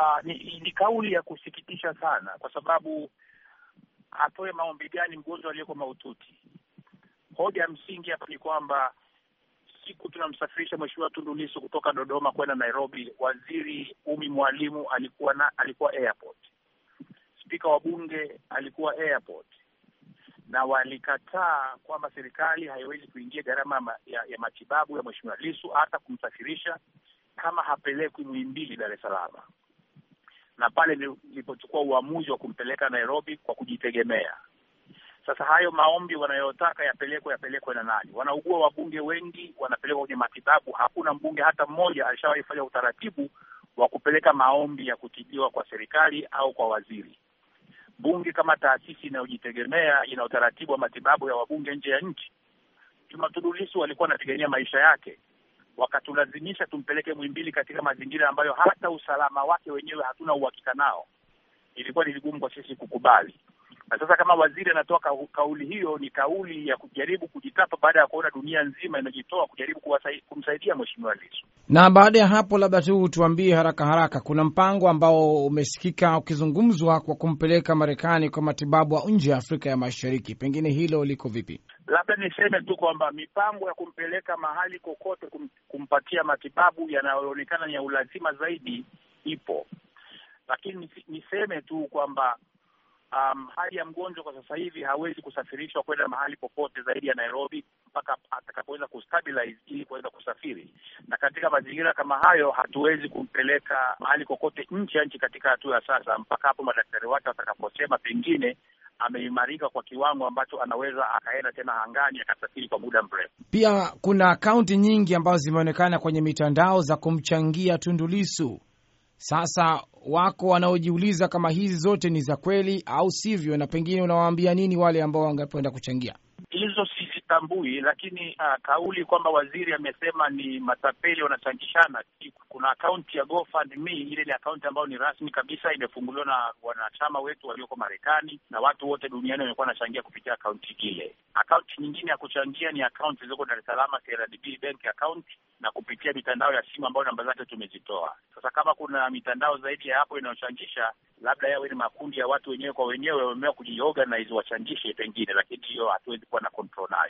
Ah, ni, ni, ni kauli ya kusikitisha sana, kwa sababu atoe maombi gani mgonjwa aliyeko mahututi? Hoja ya msingi hapa ni kwamba siku tunamsafirisha Mheshimiwa Tundu Lissu kutoka Dodoma kwenda Nairobi, waziri Umi Mwalimu alikuwa na, alikuwa airport, spika wa bunge alikuwa airport, na walikataa kwamba serikali haiwezi kuingia gharama ya, ya matibabu ya Mheshimiwa Lissu hata kumsafirisha kama hapelekwi Muhimbili, Dar es Salaam na pale nilipochukua uamuzi wa kumpeleka Nairobi kwa kujitegemea. Sasa hayo maombi wanayotaka yapelekwe, yapelekwe na nani? Wanaugua wabunge wengi, wanapelekwa kwenye matibabu. Hakuna mbunge hata mmoja alishawahi fanya utaratibu wa kupeleka maombi ya kutibiwa kwa serikali au kwa waziri. Bunge kama taasisi inayojitegemea ina utaratibu wa matibabu ya wabunge nje ya nchi. Juma Tundu Lissu walikuwa anapigania maisha yake, wakatulazimisha tumpeleke Mwimbili katika mazingira ambayo hata usalama wake wenyewe hatuna uhakika nao, ilikuwa ni vigumu kwa sisi kukubali. Na sasa kama waziri anatoa kauli hiyo, ni kauli ya kujaribu kujitapa baada ya kuona dunia nzima imejitoa kujaribu kumsaidia mheshimiwa Lissu. Na baada ya hapo, labda tu tuambie haraka haraka, kuna mpango ambao umesikika ukizungumzwa kwa kumpeleka Marekani kwa matibabu nje ya Afrika ya Mashariki, pengine hilo liko vipi? Labda niseme tu kwamba mipango ya kumpeleka mahali kokote kum, kumpatia matibabu yanayoonekana ni ya ulazima zaidi ipo, lakini niseme tu kwamba um, hali ya mgonjwa kwa sasa hivi hawezi kusafirishwa kwenda mahali popote zaidi ya Nairobi mpaka atakapoweza kustabilize ili kuweza kusafiri, na katika mazingira kama hayo hatuwezi kumpeleka mahali kokote nje ya nchi katika hatua ya sasa, mpaka hapo madaktari wake watakaposema pengine ameimarika kwa kiwango ambacho anaweza akaenda tena hangani akasafiri kwa muda mrefu. Pia kuna akaunti nyingi ambazo zimeonekana kwenye mitandao za kumchangia tundulisu Sasa wako wanaojiuliza kama hizi zote ni za kweli au sivyo, na pengine unawaambia nini wale ambao wangependa kuchangia? Hizo sitambui, lakini uh, kauli kwamba waziri amesema ni matapeli wanachangishana. Kuna akaunti ya GoFundMe, ile ni akaunti ambayo ni rasmi kabisa, imefunguliwa na wanachama wetu walioko Marekani na watu wote duniani wamekuwa wanachangia kupitia akaunti ile. Akaunti nyingine ya kuchangia ni akaunti zilizoko Dar es Salaam, CRDB bank account, na kupitia mitandao ya simu ambayo namba zake tumezitoa. Sasa kama kuna mitandao zaidi ya hapo inayochangisha labda yawe ni makundi ya watu wenyewe kwa wenyewe wameamua kujiorganize wachangishe pengine, lakini hiyo hatuwezi kuwa na control nayo.